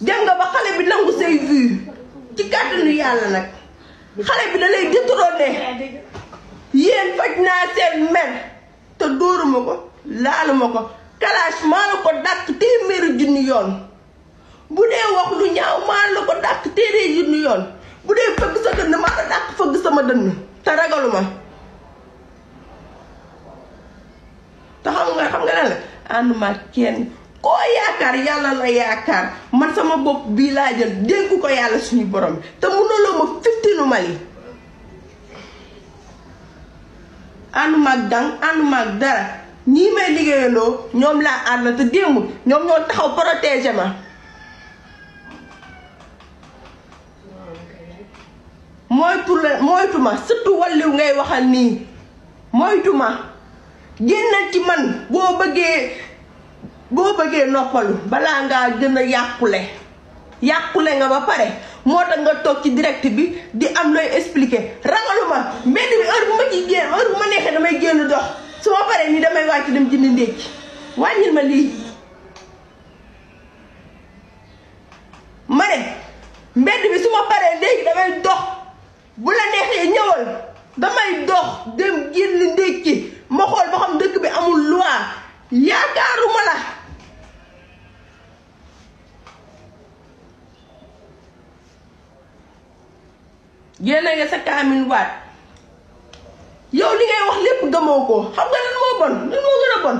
dem nga ba xale bi nangu say vues ci kàttanu yàlla nag xale bi da lay détrôné yéen faj naa seen mer te dóoruma ko laaluma ko kalaas maa la ko dàq téeméeri junni yoon bu dee wax lu ñaaw maa la ko dàq téeméeri junni yoon bu dee fëgg sa dënn maa la dàq fëgg sama dënn te ragaluma te xam nga xam nga ne la ànduma kenn koo yaakaar yàlla la yaakaar man sama bopp bii laa jël dénku ko yàlla suñu borom te mënuloo ma fiftinu Mali ànduma ak dang ànduma ak dara ñii may liggéeyandoo ñoom laa ànd te démb ñoom ñoo taxaw protéger ma moytu la moytu ma sëtu walliw ngay waxal nii moytu ma génnal ci man boo bëggee boo bëggee noppalu balaa ngaa gën a yàqule yàqule nga ba pare moo tax nga toog ci direct bi di am looy expliquer ragaluma mbedd mi heure bu ma ci génn heure bu ma neexee damay génn dox su ma paree nii damay wàcc dem jëndi ndékki wàññil ma lii ma ne mi su paree léegi damay dox bu la neexee ñëwal damay dox dem génn ndékki ma xool xam dëkk bi amul loi yaakaaruma la génne nga sa kaamin waat yow li ngay wax lépp gëmoo ko xam nga lan moo bon lan moo gën bon